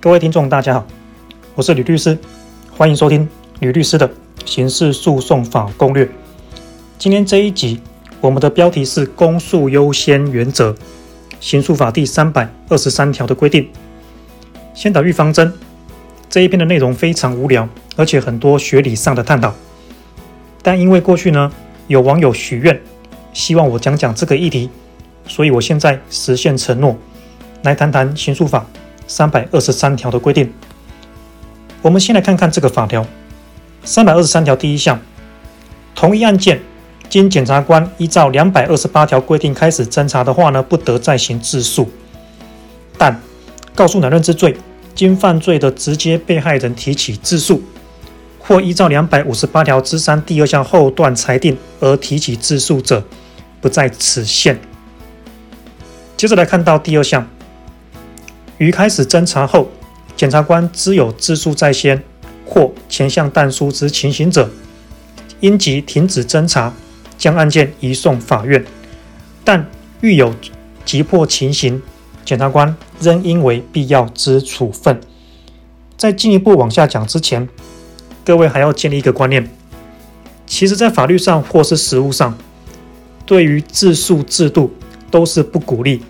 各位聽眾，大家好，我是呂律師，歡迎收聽呂律師的《刑事訴訟法攻略》。今天這一集，我們的標題是“公訴優先原則”，《刑訴法》第三百二十三條的規定。先打預防針，這一篇的內容非常無聊，而且很多學理上的探討。但因為過去呢，有網友許願，希望我講講這個議題，所以我現在實現承諾，來談談《刑訴法》。三百二十三條的規定，我們先來看看這個法條。三百二十三條第一項，同一案件經檢察官依照兩百二十八條規定開始偵查的話呢，不得再行自訴。但告訴乃論之罪，經犯罪的直接被害人提起自訴，或依照兩百五十八條之三第二項後段裁定而提起自訴者，不在此限。接着來看到第二項。於開始偵查後，檢察官知有自訴在先或前項但書之情形者，應即停止偵查，將案件移送法院。但遇有急迫情形，檢察官仍應為必要之處分。在進一步往下講之前，各位還要建立一個觀念：其實在法律上或是實務上，對於自訴制度都是不鼓勵，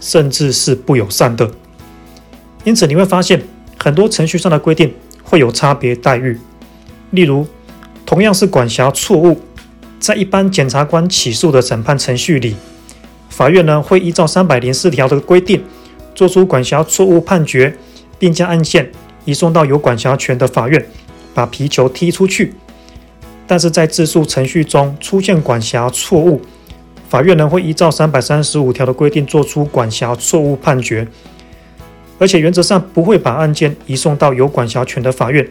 甚至是不友善的。因此，你會發現很多程序上的規定會有差別待遇。例如，同樣是管轄錯誤，在一般檢察官起訴的審判程序裡，法院呢會依照三百零四條的規定作出管轄錯誤判決，並將案件移送到有管轄權的法院，把皮球踢出去。但是在自訴程序中出現管轄錯誤，法院呢會依照三百三十五條的規定作出管轄錯誤判決。而且原則上不會把案件移送到有管轄權的法院，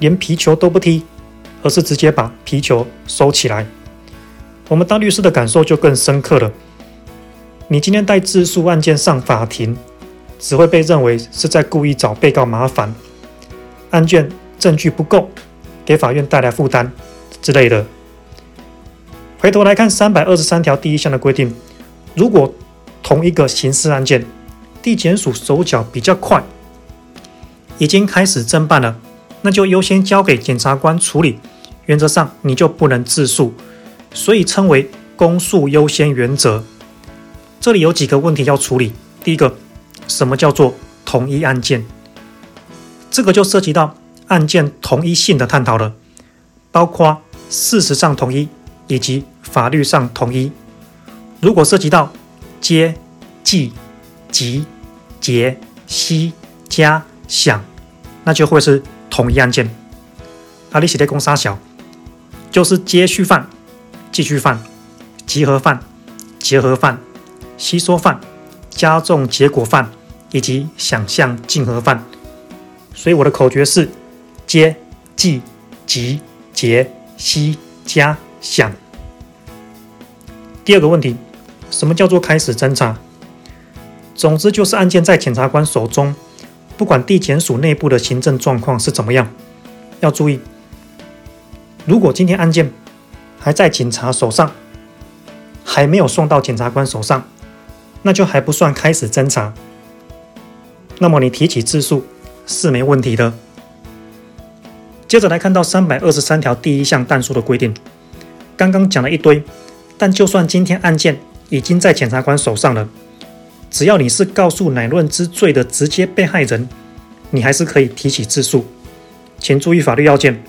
連皮球都不踢，而是直接把皮球收起來。我們當律師的感受就更深刻了。你今天帶自訴案件上法庭，只會被認為是在故意找被告麻煩，案件證據不夠，給法院帶來負擔之類的。回頭來看三百二十三條第一項的規定，如果同一個刑事案件，地檢署手腳比較快，已經開始偵辦了，那就優先交給檢察官處理。原則上你就不能自訴，所以稱為公訴優先原則。這裡有幾個問題要處理。第一個，什麼叫做同一案件？這個就涉及到案件同一性的探討了，包括事實上同一以及法律上同一。如果涉及到接、繼、集結、吸、加、想，那就會是同一案件，阿里寫的公式小，就是接續犯、繼續犯、集合犯、結合犯、犯吸收犯、加重結果犯以及想象競合犯。所以我的口訣是：接、繼、集、結、吸、加、想。第二個問題，什麼叫做開始偵查？總之，就是案件在檢察官手中，不管地檢署內部的行政狀況是怎麼樣，要注意，如果今天案件還在警察手上，還沒有送到檢察官手上，那就還不算開始偵查。那麼你提起自訴是沒問題的。接着來看到三百二十三條第一項但書的規定，剛剛講了一堆，但就算今天案件已經在檢察官手上了。只要你是告訴乃論之罪的直接被害人，你還是可以提起自訴。請注意法律要件，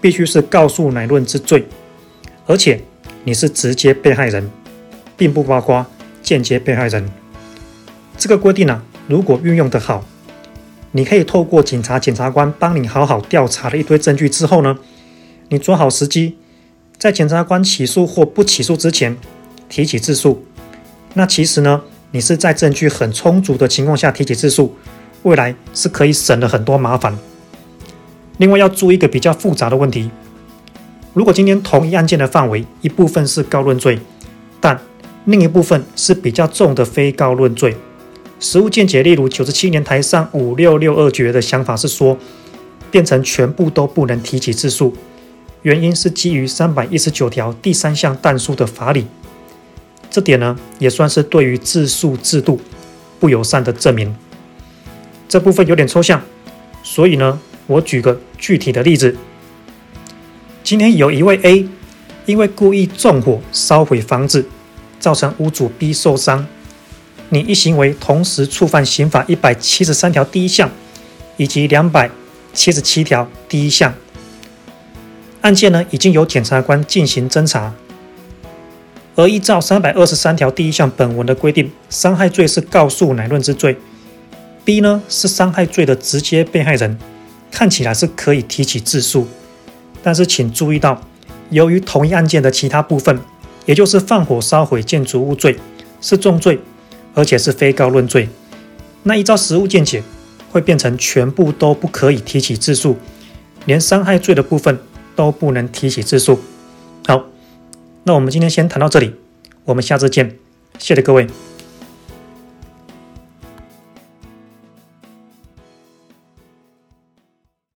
必須是告訴乃論之罪，而且你是直接被害人，並不包括間接被害人。這個規定呢，啊，如果運用得好，你可以透過警察、檢察官幫你好好調查了一堆證據之後呢，你抓好時機，在檢察官起訴或不起訴之前提起自訴。那其實呢，你是在證據很充足的情況下提起自訴，未來是可以省了很多麻煩。另外要注意一個比較複雜的問題：如果今天同一案件的範圍，一部分是告論罪，但另一部分是比較重的非告論罪，實務見解例如九十七年台上五六六二決的想法是說，變成全部都不能提起自訴，原因是基於三百一十九條第三項但書的法理。這點呢，也算是對於自訴制度不友善的證明。這部分有點抽象，所以呢，我舉個具體的例子。今天有一位 A，因為故意縱火燒毀房子，造成屋主 B 受傷，你一行為同時觸犯刑法一百七十三條第一項以及兩百七十七條第一項。案件呢，已經由檢察官進行偵查。而依照三百二十三條第一項本文的規定，傷害罪是告訴乃論之罪。B 呢，是傷害罪的直接被害人，看起來是可以提起自訴。但是請注意到，由於同一案件的其他部分，也就是放火燒毀建築物罪是重罪，而且是非告論罪，那依照實務見解會變成全部都不可以提起自訴，連傷害罪的部分都不能提起自訴。那我們今天先談到這裡，我們下次見，謝謝各位。